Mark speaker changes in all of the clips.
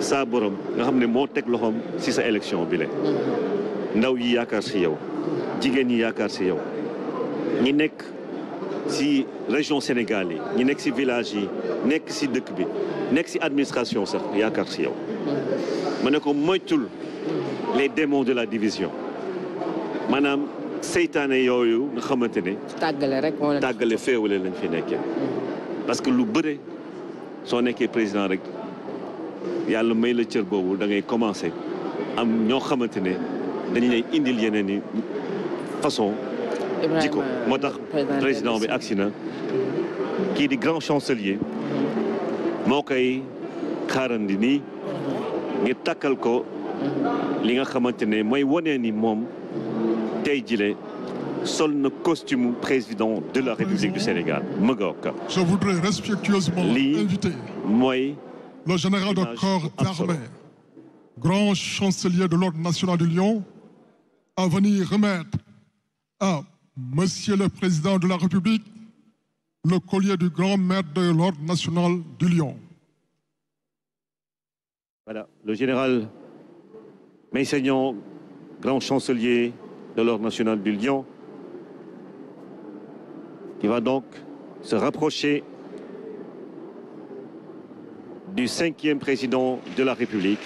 Speaker 1: sa borom nga xam ne moo teg loxoom ci sa élection bi le ndaw yi yaakaar ci yow jigéen yi yaakaar ci yow ñi nekk ci région Sénégal yi ñi nekk ci village yi nekk ci dëkk bi nekk ci administration sax yaakaar ci yow ma ne ko moytul les démons de la division maanaam seytaane yooyu nga xamante ne tàggale rek tàggale féewale lañ fi nekkee parce que lu bëre soo nekkee président rek yalla may le cieur bobu da ngay commencer am ño xamantene dañ lay indil yeneen i façon
Speaker 2: jikko motax
Speaker 1: président bi agsi ki di grand chancelier moo kay xaarandi nii ngir takkal ko mhm. li nga xamantene ne woné ni mom tay jilé seul costume président de la République du Sénégal Mogok. je voudrais respectueusement inviter le
Speaker 3: général de corps d'armée grand chancelier de l'ordre national du Lyon, à venir remettre à monsieur le président de la République le collier du grand maître de l'ordre national du Lyon.
Speaker 1: voilà le général grand chancelier de l'ordre national du Lyon, il va donc se rapprocher du cinquième président de la République,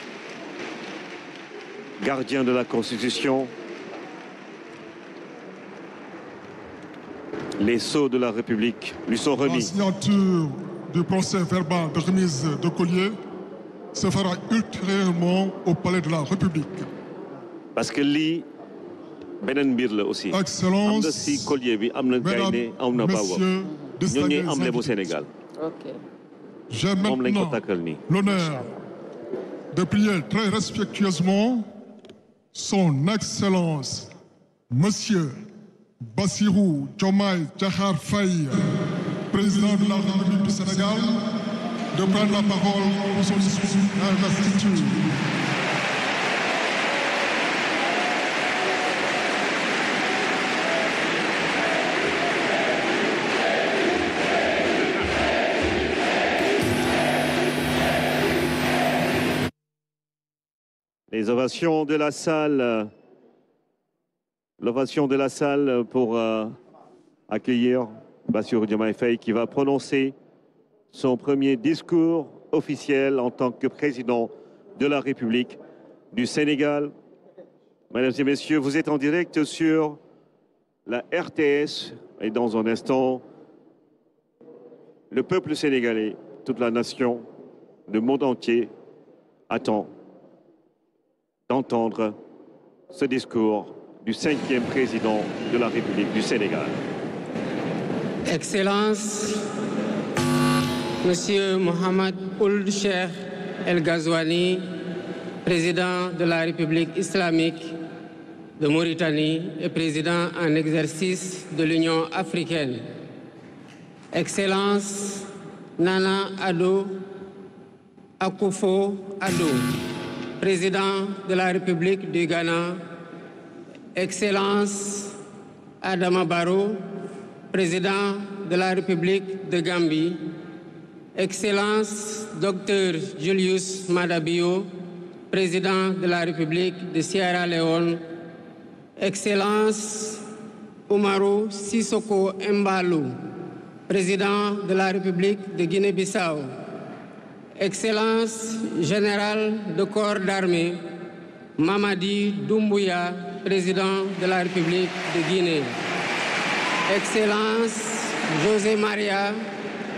Speaker 1: gardien de la Constitution, les sceaux de la République lui sont remis. La
Speaker 3: signature du procès verbal de remise de collier se fera ultérieurement au palais de la République.
Speaker 1: Parce que lit benen mbir la aussi am na si collier bi am na gaynde am na am Sénégal j'ai maintenant
Speaker 3: l'honneur de prier très respectueusement son excellence monsieur Bassirou Diomaye Djahar Faye président de la République du Sénégal de prendre la parole pour son discours d'investiture
Speaker 1: Les ovations de la salle. L'ovation de la salle pour euh, accueillir Bassirou Diomaye Faye qui va prononcer son premier discours officiel en tant que président de la République du Sénégal. Mesdames et messieurs, vous êtes en direct sur la RTS et dans un instant, le peuple sénégalais, toute la nation, le monde entier attend d'entendre ce discours du cinquième président de la République du Sénégal.
Speaker 2: Excellence, Monsieur Mohamed Ould El Ghazouani, président de la République islamique de Mauritanie et président en exercice de l'Union africaine. Excellence, Nana Adou Akufo Adou président de la République du Ghana, Excellence Adama Barrow, président de la République de Gambie, Excellence Dr Julius Madabio, président de la République de Sierra Leone, Excellence Umaru Sissoko Mbalo, président de la République de Guinée-Bissau, Excellence générale de corps d'armée, Mamadi Doumbouya, président de la République de Guinée. Excellence José Maria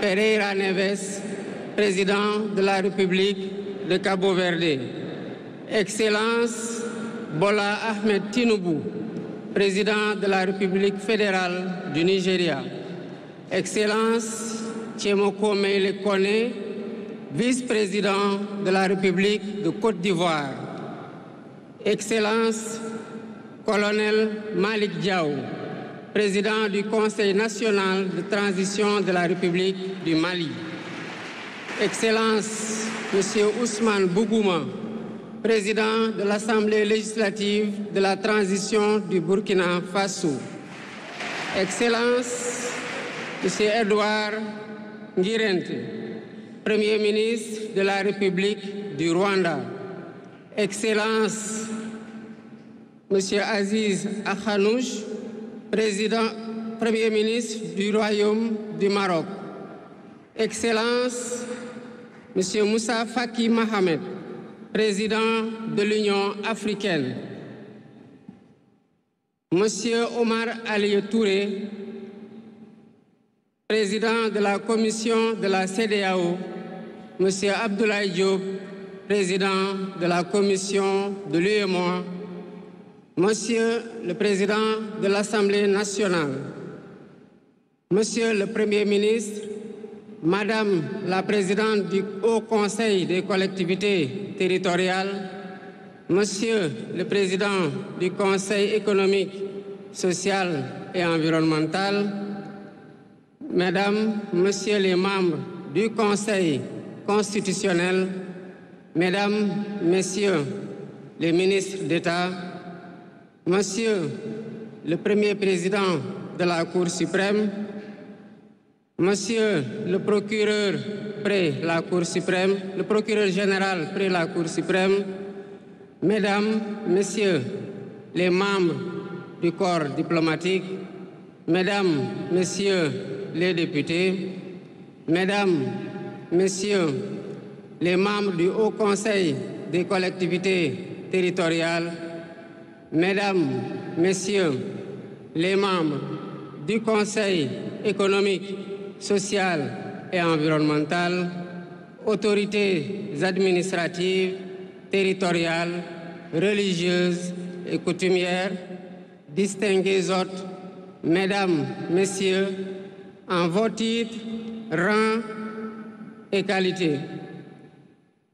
Speaker 2: Pereira Neves, président de la République de Cabo Verde. Excellence Bola Ahmed Tinubu, président de la République fédérale du Nigeria. Excellence Tchemoko Meile vice-président de la République de Côte d'Ivoire, Excellence colonel Malik Diaw, président du Conseil national de transition de la République du Mali, Excellence Monsieur Ousmane Bougouma, président de l'Assemblée législative de la transition du Burkina Faso, Excellence Monsieur Edouard Ngirente, Premier ministre de la République du Rwanda, Excellence, Monsieur Aziz Akhanouch, Premier ministre du Royaume du Maroc, Excellence, Monsieur Moussa Faki Mohamed, président de l'Union africaine, Monsieur Omar Ali Touré, président de la commission de la CDAO, Monsieur Abdoulaye Diop, président de la commission de l'UEMOA, Monsieur le Président de l'Assemblée nationale, Monsieur le Premier ministre, Madame la Présidente du Haut Conseil des collectivités territoriales, Monsieur le Président du Conseil économique, social et environnemental, Mesdames, Monsieur les membres du Conseil Constitutionnel, Mesdames, Messieurs les ministres d'État, Monsieur le Premier Président de la Cour suprême, Monsieur le procureur près la Cour suprême, le procureur général près la Cour suprême, Mesdames, Messieurs les membres du corps diplomatique, Mesdames, Messieurs les députés, Mesdames, messieurs les membres du Haut Conseil des collectivités territoriales, mesdames, messieurs les membres du Conseil économique, social et environnemental, autorités administratives, territoriales, religieuses et coutumières, distingués autres, mesdames, messieurs, en vos titres, rangs,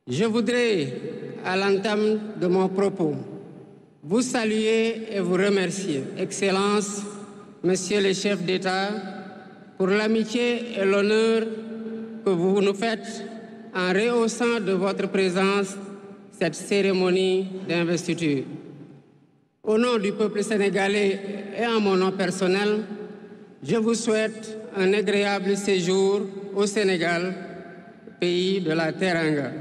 Speaker 2: je voudrais, à l'entame de mon propos, vous saluer et vous remercier, Excellence, Monsieur le Chef d'État, pour l'amitié et l'honneur que vous nous faites en rehaussant de votre présence cette cérémonie d'investiture. Au nom du peuple sénégalais et en mon nom personnel, je vous souhaite un agréable séjour au Sénégal pays de la Teranga.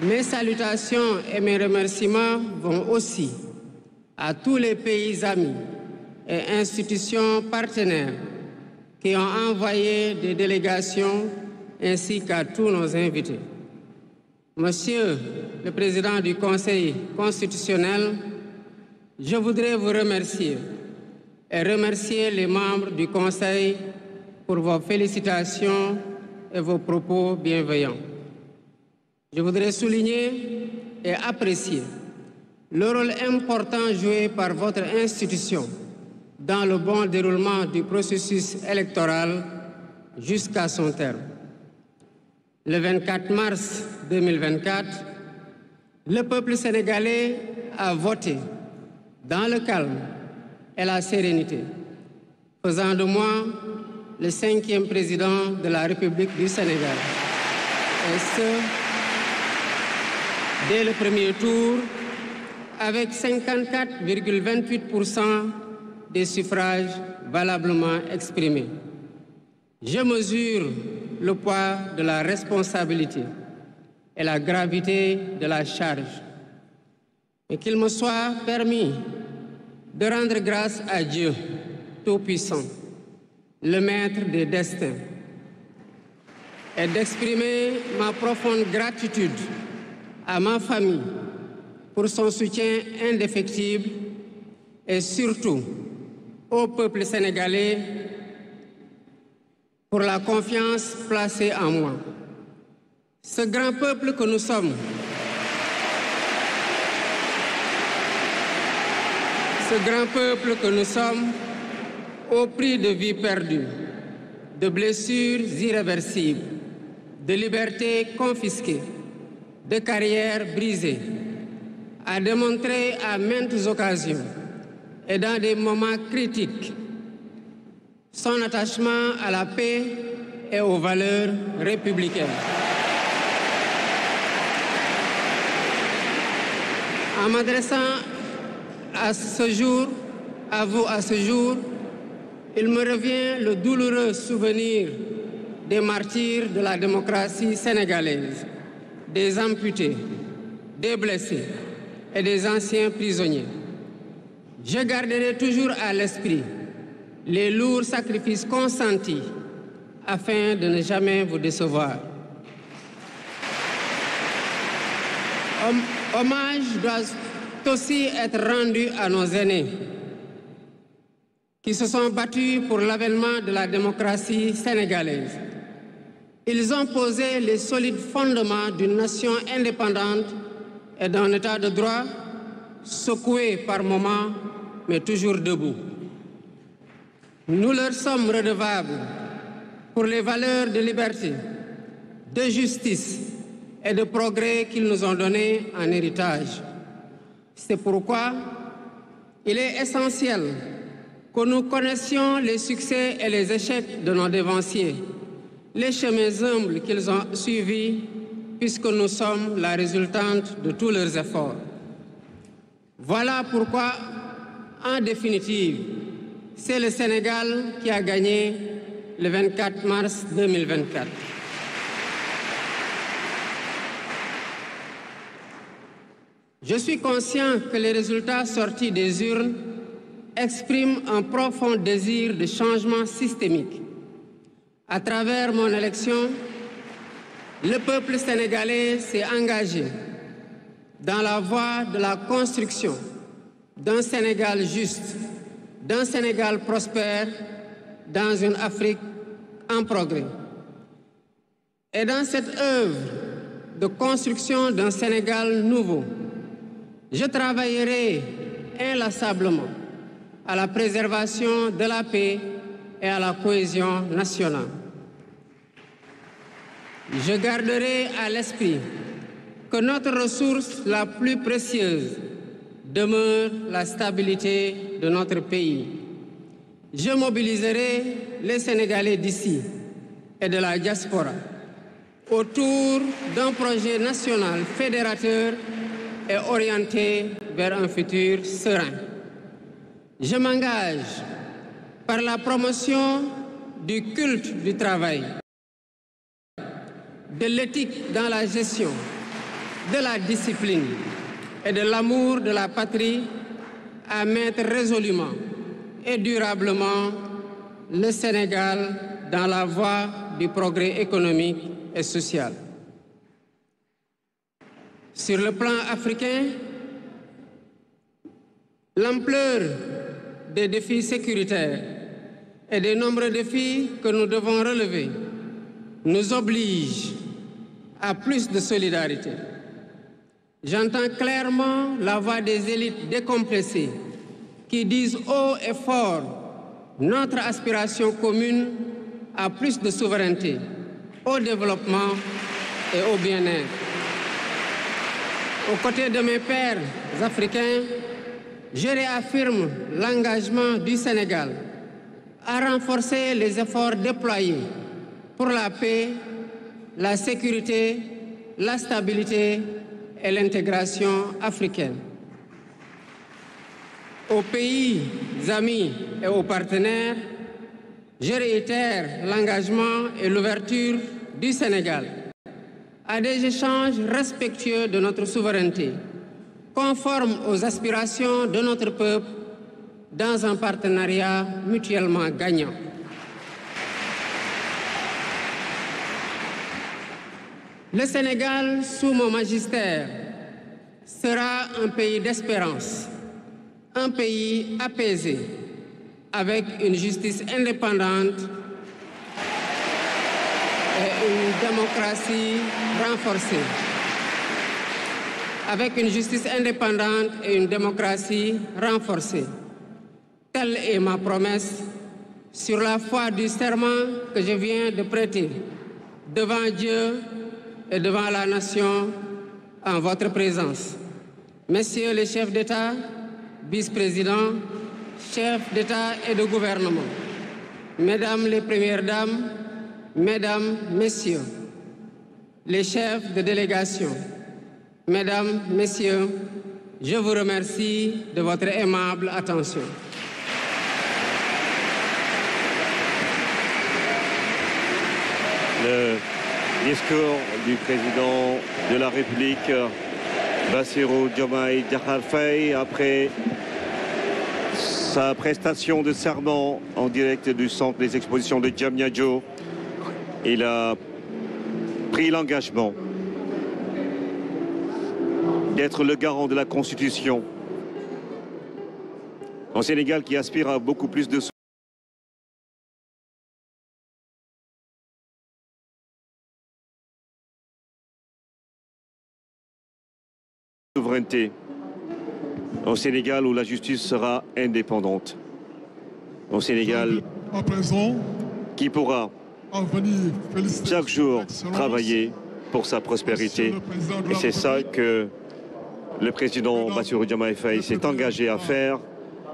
Speaker 2: Mes salutations et mes remerciements vont aussi à tous les pays amis et institutions partenaires qui ont envoyé des délégations ainsi qu'à tous nos invités. Monsieur le Président du Conseil constitutionnel, je voudrais vous remercier et remercier les membres du Conseil pour vos félicitations et vos propos bienveillants. Je voudrais souligner et apprécier le rôle important joué par votre institution dans le bon déroulement du processus électoral jusqu'à son terme. Le 24 mars 2024, le peuple sénégalais a voté dans le calme et la sérénité, faisant de moi le cinquième président de la République du Sénégal. Et ce, dès le premier tour, avec 54,28% des suffrages valablement exprimés. Je mesure le poids de la responsabilité et la gravité de la charge. Et qu'il me soit permis de rendre grâce à Dieu Tout-Puissant, le Maître des destins, et d'exprimer ma profonde gratitude à ma famille pour son soutien indéfectible et surtout au peuple sénégalais pour la confiance placée en moi. Ce grand peuple que nous sommes, ce grand peuple que nous sommes, au prix de vies perdues, de blessures irréversibles, de libertés confisquées, de carrières brisées, a démontré à maintes occasions et dans des moments critiques son attachement à la paix et aux valeurs républicaines. En m'adressant à ce jour, à vous à ce jour, il me revient le douloureux souvenir des martyrs de la démocratie sénégalaise, des amputés, des blessés et des anciens prisonniers. Je garderai toujours à l'esprit les lourds sacrifices consentis afin de ne jamais vous décevoir. Hommage doit aussi être rendu à nos aînés qui se sont battus pour l'avènement de la démocratie sénégalaise. Ils ont posé les solides fondements d'une nation indépendante et d'un état de droit secoué par moments, mais toujours debout. Nous leur sommes redevables pour les valeurs de liberté, de justice et de progrès qu'ils nous ont données en héritage. C'est pourquoi il est essentiel que nous connaissions les succès et les échecs de nos dévanciers, les chemins humbles qu'ils ont suivis, puisque nous sommes la résultante de tous leurs efforts. Voilà pourquoi, en définitive, c'est le Sénégal qui a gagné le 24 mars 2024. Je suis conscient que les résultats sortis des urnes expriment un profond désir de changement systémique. À travers mon élection, le peuple sénégalais s'est engagé dans la voie de la construction d'un Sénégal juste, d'un Sénégal prospère, dans une Afrique en progrès. Et dans cette œuvre de construction d'un Sénégal nouveau, je travaillerai inlassablement à la préservation de la paix et à la cohésion nationale. Je garderai à l'esprit que notre ressource la plus précieuse demeure la stabilité de notre pays. Je mobiliserai les Sénégalais d'ici et de la diaspora autour d'un projet national fédérateur et orientée vers un futur serein. Je m'engage par la promotion du culte du travail, de l'éthique dans la gestion, de la discipline et de l'amour de la patrie à mettre résolument et durablement le Sénégal dans la voie du progrès économique et social. Sur le plan africain, l'ampleur des défis sécuritaires et des nombreux défis que nous devons relever nous oblige à plus de solidarité. J'entends clairement la voix des élites décompressées qui disent haut et fort notre aspiration commune à plus de souveraineté, au développement et au bien-être aux côtés de mes pères africains, je réaffirme l'engagement du Sénégal à renforcer les efforts déployés pour la paix, la sécurité, la stabilité et l'intégration africaine. Aux pays amis et aux partenaires, je réitère l'engagement et l'ouverture du Sénégal à des échanges respectueux de notre souveraineté, conformes aux aspirations de notre peuple, dans un partenariat mutuellement gagnant. Le Sénégal, sous mon magistère, sera un pays d'espérance, un pays apaisé, avec une justice indépendante une démocratie renforcée, avec une justice indépendante et une démocratie renforcée. Telle est ma promesse sur la foi du serment que je viens de prêter devant Dieu et devant la nation en votre présence. Messieurs les chefs d'État, vice-présidents, chefs d'État et de gouvernement, Mesdames les Premières Dames, Mesdames, Messieurs, les chefs de délégation, Mesdames, Messieurs, je vous remercie de votre aimable attention.
Speaker 1: Le discours du président de la République, Bassirou Diomaye après sa prestation de serment en direct du centre des expositions de Djamnyadjo. Il a pris l'engagement d'être le garant de la Constitution. En Sénégal qui aspire à beaucoup plus de... souveraineté au Sénégal où la justice sera indépendante. Au Sénégal, qui pourra chaque jour travailler pour sa prospérité. Et c'est ça que le président Bassirou Djamai s'est engagé à faire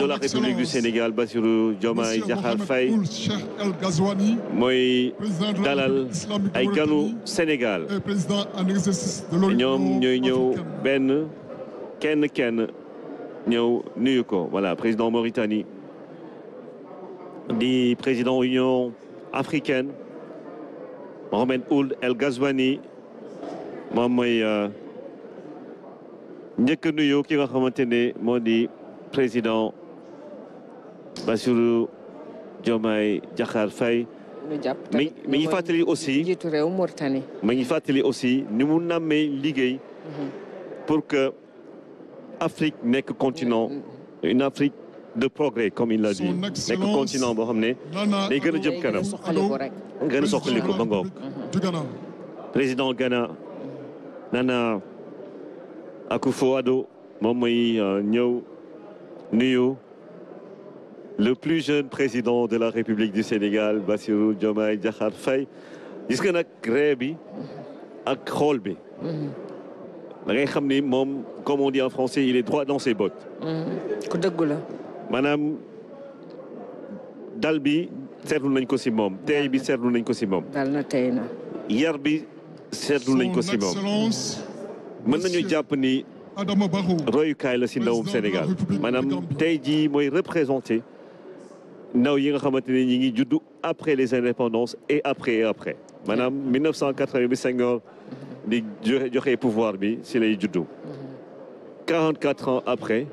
Speaker 1: de la République du Sénégal Bassirou Diomaye Diakhar Faye mooy dalal ay Sénégal ñoom ñooy Ben Ken Ken kenn voilà président Mauritanie le président Union africaine Mohamed Ould El Ghazouani moom mooy euh, njëkk nuyu ki nga président Bassirou Diomaye Diakhar Faye
Speaker 4: mais il ngi aussi njiitu réew Mauritanie
Speaker 1: mi ngi fàttali aussi ni mu nammee liggéey mhm. pour que Afrique nekk continent mhm. une Afrique de progrès comme il l'a dit nekk continent boo xam ne day gën a jëm kanam gën président Ghana Nana Akufo-Addo moom mooy euh, nuyu le plus jeune président de la République du Sénégal Bassirou Diomaye Diakhar Faye gis nga nag ree bi ak xool bi mhm. da ngay xam ni moom comme on dit en français il est droit dans ses bottes
Speaker 4: mhm. ku dëggu la
Speaker 1: maanaam dal bi seetlu nañ ko si moom tey bi seetlu nañ ko si moom
Speaker 4: dal na tey na
Speaker 1: yar bi seetlu nañ ko si moom mën nañu jàpp ni royukaay la si du Sénégal Madame, tey vous mooy représenté ndaw yi nga xamante ñi ngi après les indépendances et après et après Madame, 1985, bi Senghor di joxe pouvoir bi si lay 44 ans après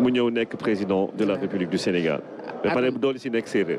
Speaker 1: mu ñëw nekk président de la République du Sénégal ba pare dool si nekk séeréer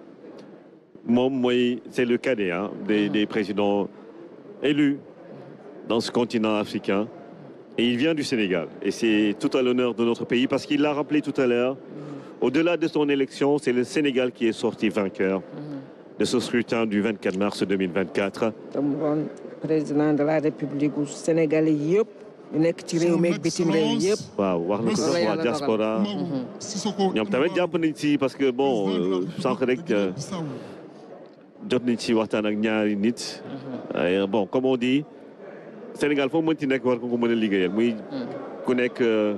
Speaker 1: c'est le cadet hein, des présidents élus dans ce continent africain et il vient du Sénégal et c'est tout à l'honneur de notre pays parce qu'il l'a rappelé tout à l'heure au-delà de son élection c'est le Sénégal qui est sorti vainqueur de ce scrutin du 24 mars 2024 la jot nañ ci waxtaan ak ñaari nit. Mhm. bon comme on dit Sénégal foo mënti nekk war ko ko mën a liggéeyal muy. Mhm. ku nekk euh,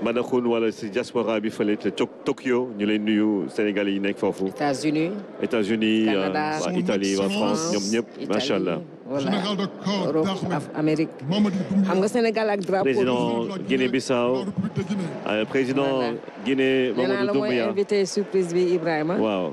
Speaker 1: Madaxun wala si diaspora bi fële ca Tokyo ñu lay nuyu Sénégalais yi nekk foofu.
Speaker 4: États-Unis
Speaker 1: États-Unis euh, Canada Italie France ñoom ñëpp macha allah.
Speaker 4: voilà Amérique xam nga Sénégal ak drapeau président
Speaker 1: Guinée-Bissau euh, président Guinée Mamadou Doumbouya nee naa la mooy
Speaker 4: invité surprise bi Ibrahima
Speaker 1: waaw.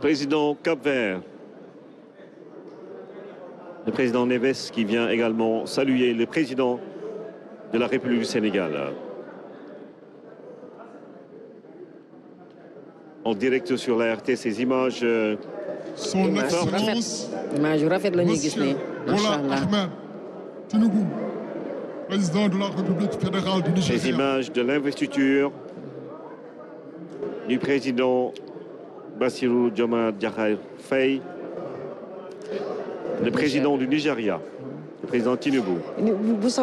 Speaker 1: président Cap-Vert. Le président Neves qui vient également saluer le président de la République du Sénégal. En direct sur la RT, ces images... sont... Euh, Son de la du
Speaker 3: Ces
Speaker 1: images de l'investiture du président Bassirou Djoma Djahar le président du Nigeria, le président Tinubu.
Speaker 4: Vous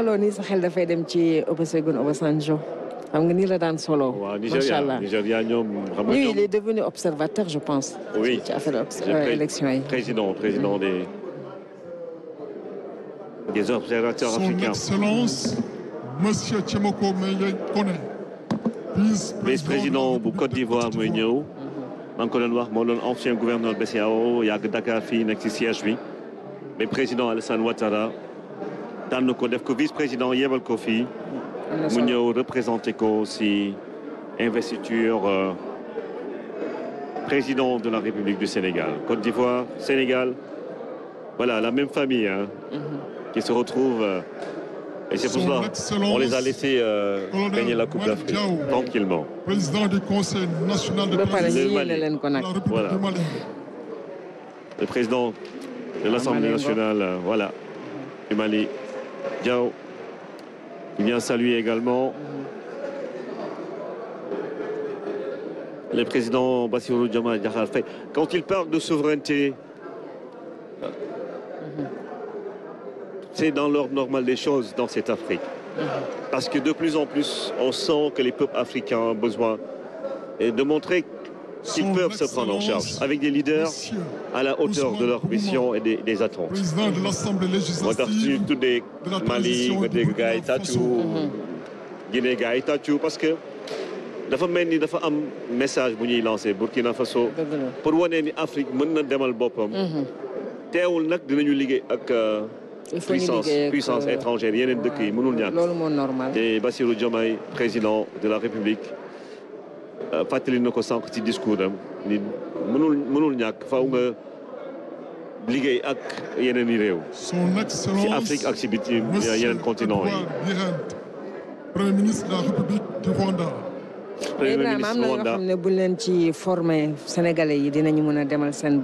Speaker 4: il est devenu observateur je pense. oui
Speaker 1: euh, président président mm-hmm. des des observateurs africains. son
Speaker 3: excellence monsieur
Speaker 1: vice président du Côte d'Ivoire en Noir mon ancien gouverneur de BCAO, Dakar fii n'existe ci mais président Alassane Ouattara dans le def vice président yebal Kofi, fii représenté aussi investiture euh, président de la République du Sénégal Côte d'Ivoire Sénégal voilà la même famille hein, mm-hmm. qui se retrouve euh, et c'est pour cela qu'on les a laissés euh, gagner la Coupe d'Afrique tranquillement.
Speaker 3: Président du Conseil national de Mali.
Speaker 1: Le président de l'Assemblée nationale voilà, du Mali, Diao, qui vient saluer également le président Bassirou fait. Quand il parle de souveraineté, dans l'ordre normal des choses dans cette Afrique. Parce que de plus en plus, on sent que les peuples africains ont besoin de montrer qu'ils peuvent se prendre en charge avec des leaders à la hauteur de leur mission et des, attentes. Président de l'Assemblée Mali, mhm. parce que le y un message lancé Burkina Faso. pour y Afrique un puissance puissance euh, étrangère yeneen de qui mënul et loolu Bassirou Diomaye président de la République euh, fàttali na Sank, sànq ci discours am ni mënul mënul ak Yenen i réew ci Afrique ak ci continent
Speaker 3: premier ministre de la République du
Speaker 4: Rwanda
Speaker 1: Ibrahima am na yoo
Speaker 4: xam ne ci formé sénégalais yi dinañu mën a demal seen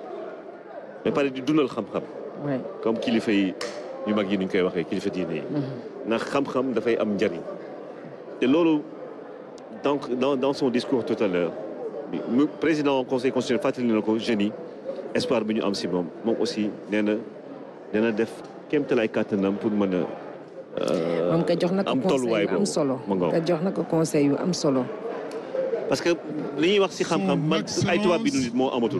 Speaker 1: mais pare di dundal xam-xam. comme kilifa yi yu mag yi nuñ koy waxee kilifa diine yi. Mhm. na xam-xam da fay am njariñ. te lolu donc dans dans son discours tout à l'heure mu président conseil constitutionnel fàttali na ko jeunes espoir bi ñu am si mom mom aussi néna na def na def katanam pour mëna a. Euh, moom ka jox nak conseil am solo ka
Speaker 4: jox nak conseil yu am
Speaker 3: solo.
Speaker 1: parce que li ñuy wax ci xam-xam man ay tubaab bi nit moo amatul.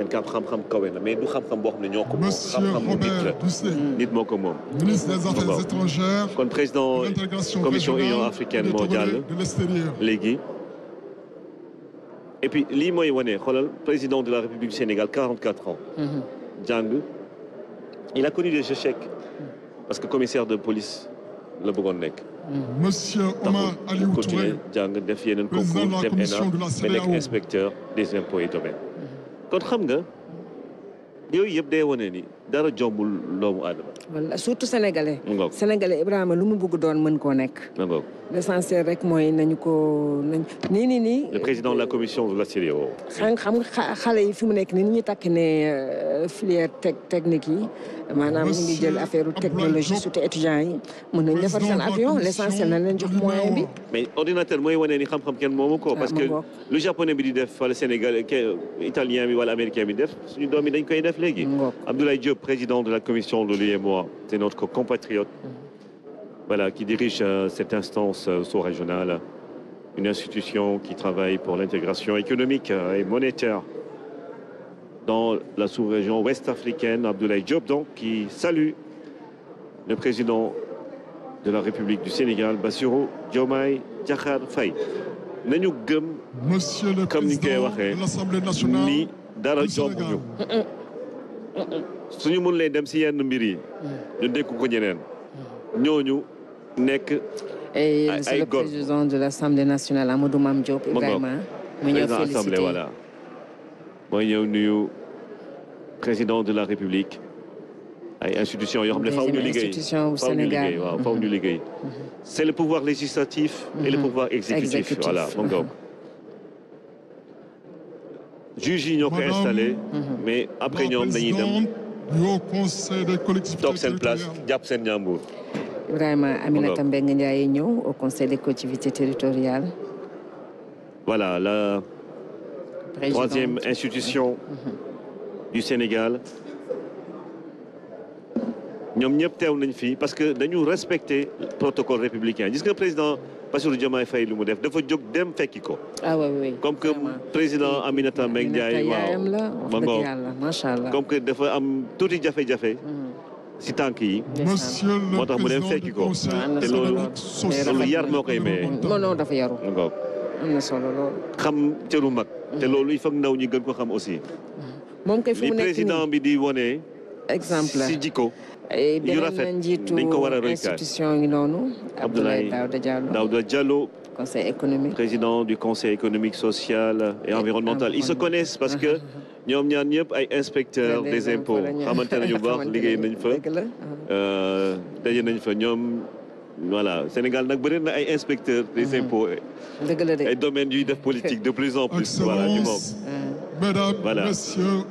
Speaker 1: Monsieur kam xam-xam kawe mais du xam-xam boo xam ne ñoo xam-xam bu nit nit moo ko moom ministre des affaires étrangères kon président commission union africaine mondiale, jàll et puis lii mooy wane président de la république du Sénégal 44 ans
Speaker 3: mm-hmm.
Speaker 1: jàng il a connu des échecs parce que commissaire de police la bëggoon nekk
Speaker 3: mm-hmm. Monsieur Omar
Speaker 1: Aliou Touré jàng def yeneen concours dem ENA mais e inspecteur des impôts et domaines kon xam nga yooyu yëpp day wane ni dara jombul doomu aadama.
Speaker 4: wala surtout sénégalais. sénégalais Ibrahima lu mu bëgg doon mën koo nekk. l'essentiel rek mooy nañu ko nañ nii nii nii.
Speaker 1: le président de la commission de la CEDEAO.
Speaker 4: xam nga xale yi fi mu nekk ni ñu takk ne euh, filière technique yi maanaam ñu ngi jël affaire technologie surtout étudiants yi mën nañu defar seen avion l'essentiel nañ leen jox moyen bi.
Speaker 1: mais ordinateur mooy wane ni xam-xam kenn moomu ko. Ah, parce que lu japonais bi di def wala sénégalais italien bi wala américain bi def suñu doom yi dañ koy def léegi. Abdoulaye le président de la commission de moi c'est notre compatriote mhm. voilà, qui dirige euh, cette instance euh, sous-régionale, une institution qui travaille pour l'intégration économique euh, et monétaire dans la sous-région ouest africaine, Abdoulaye job donc, qui salue le président de la République du Sénégal, Bassirou Diomaye Diakhar Faye. monsieur le président de l'Assemblée nationale dara suñu mën lay dem ci yenn mbir yi ñu dékk ko ñeneen ñooñu nekk ay góor c'est le président
Speaker 4: de l'Assemblée nationale Amadou Mame Diop Ibrahima mu ñëw félicité voilà
Speaker 1: mooy ñëw nuyu président de la République ay institution yoo xam ne faw ñu liggéey faw au sénégal waaw faw ñu mm-hmm. liggéey mm-hmm. c'est le pouvoir législatif et le mm-hmm. pouvoir exécutif voilà mu ngoog juge yi ñoo ko installé mais après ñoom dañuy dem au Conseil des collectivités territoriales.
Speaker 4: Vraiment, Aminata Mbengue Ndiaye au Conseil des collectivités territoriales.
Speaker 1: Voilà la troisième institution mhm. du Sénégal ñom ñep téw nañ fi parce que dañu respecter protocole républicain gis nga président Bassirou Diomaye Faye lu mu def dafa jog dem fekki ko. ah oui oui comme que président Aminata Mbengue Ndiaye waaw ma ngoog comme que dafa am touti jafé jafé si mm. tank yi. motax tax mu dem fekki ko. té loolu loolu yar mo koy maye.
Speaker 4: non non dafa yaru. am na solo lool.
Speaker 1: xam cëru mag. te mm. loolu il faut ndaw ñi gën ko xam aussi. mom mm.
Speaker 4: kay fu mu nekk nii président
Speaker 1: bi di woné exemple si jikko. Eh, et Abdoulaye Daouda Diallo président du conseil économique social et environnemental ils se connaissent parce que nous inspecteurs des impôts Nous euh, voilà Sénégal des mm-hmm. impôts Domaine domaines politique de plus en plus voilà Mesdames,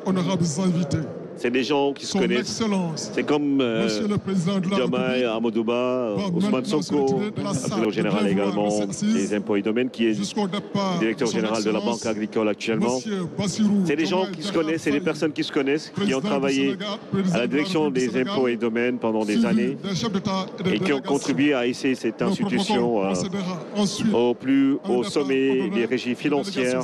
Speaker 3: honorables invités
Speaker 1: c'est des gens qui se connaissent. C'est comme euh, Jamaï, Amadouba, Ousmane Sonko, le général également des impôts et domaines, qui est directeur général de la Banque agricole actuellement. C'est des gens qui se connaissent, c'est des personnes qui se connaissent, qui ont travaillé à la direction des impôts et domaines pendant des années
Speaker 3: et qui ont contribué
Speaker 1: à essayer cette institution euh, au plus haut sommet des régies financières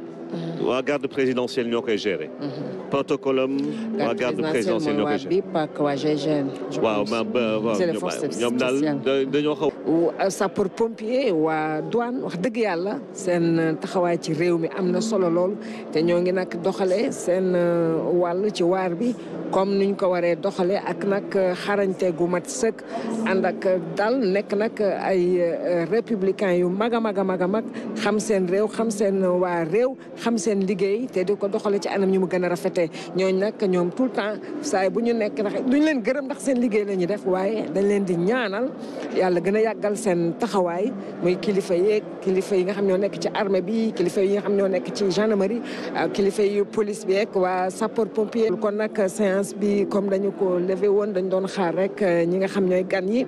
Speaker 1: waa garde présidentielle ñoo koy gérer. protocole am garde présidentielle ñoo
Speaker 4: koy gérer.
Speaker 1: waaw ma ba waaw ñoom daal dañoo xaw Euh,
Speaker 4: sa pour pompier waa euh, douane wax dëgg yàlla seen euh, taxawaay ci réew mi am na solo lool te ñoo ngi nag doxalee seen wàll ci waar bi comme nuñ ko waree doxalee ak nag xarañte gu mat sëkk ànd ak dal nekk nag ay républicain yu mag a mag a mag a mag xam seen réew xam seen waa réew xam seen liggéey te di ko doxale ci anam ñu mu gën a rafete ñooñ nag ñoom tout temps saay bu ñu nekk ndax duñ leen gërëm ndax seen liggéey la ñuy def waaye dañ di ñaanal yàlla gën yàggal sen taxaway muy kilifa ye kilifa yi nga xam ñoo nekk ci armée bi kilifa yi nga xam ñoo nekk ci gendarmerie kilifa yu police bi ak wa sapeur pompier. kon nak séance bi comme dañu ko levé won dañ doon xaar rek euh, ñi nga xam ñooy gan yi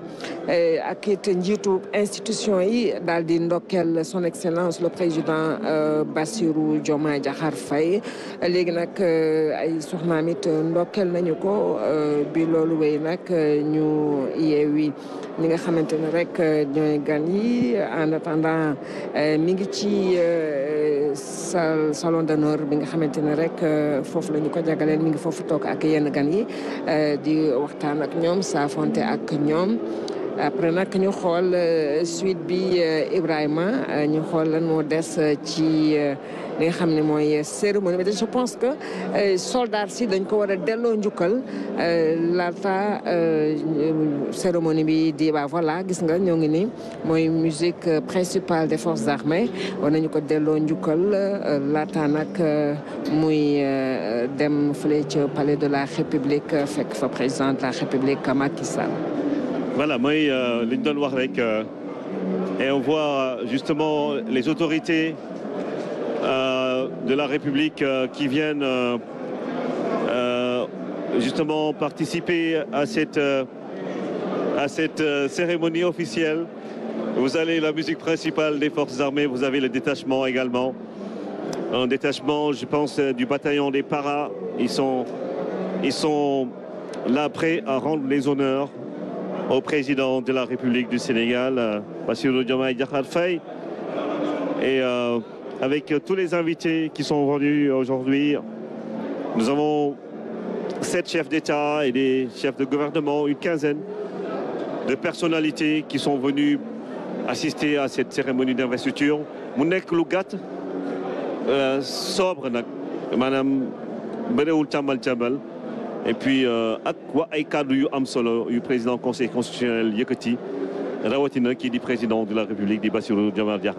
Speaker 4: euh, ak it njiitu institution yi daal di ndokkeel son excellence le président euh, Bassirou Diomaye Diakhar Faye léegi nag ay soxnaam it ndokkeel nañu ko bi lolu wéy nak ñu yewi ñi nga xamantene rek ak ñooy gan yi en attendant euh, mi ngi ci euh, sal salon d'honneur bi nga xamante ne rek euh, foofu la ñu ko jagaleel mi ngi foofu toog ak yenn gan yi di waxtaan ak ñoom saafonte ak ñoom. après nak ñu xol euh, suite bi euh, Ibrahima euh, ñu xol lan mo dess ci li nga xam ne cérémonie mais je pense que soldats si dañ ko wara dello ñukal la fa cérémonie bi di ba voilà gis nga ñoo ngi ni moy musique principale des forces armées on nañu ko dello ñukal la laata nak muy dem fële ci palais de la république fek fa président de la république Macky Sall
Speaker 1: voilà, moi euh, Lyndon Lyndon euh, et on voit euh, justement les autorités de la République qui viennent justement participer à cette à cette cérémonie officielle. Vous avez la musique principale des forces armées, vous avez le détachement également. Un détachement, je pense, du bataillon des paras. Ils sont, ils sont là prêts à rendre les honneurs au président de la République du Sénégal, euh, Bassirou Diomaye Diakhar Faye. Et euh, avec tous les invités qui sont venus aujourd'hui, nous avons sept chefs d'État et des chefs de gouvernement, une quinzaine de personnalités qui sont venues assister à cette cérémonie d'investiture. Mounek Lougat, euh, sobre Madame et puis quoi euh, wa ay am solo le président conseil constitutionnel yëkkati qui est le président de la république des Bassirou Diomaye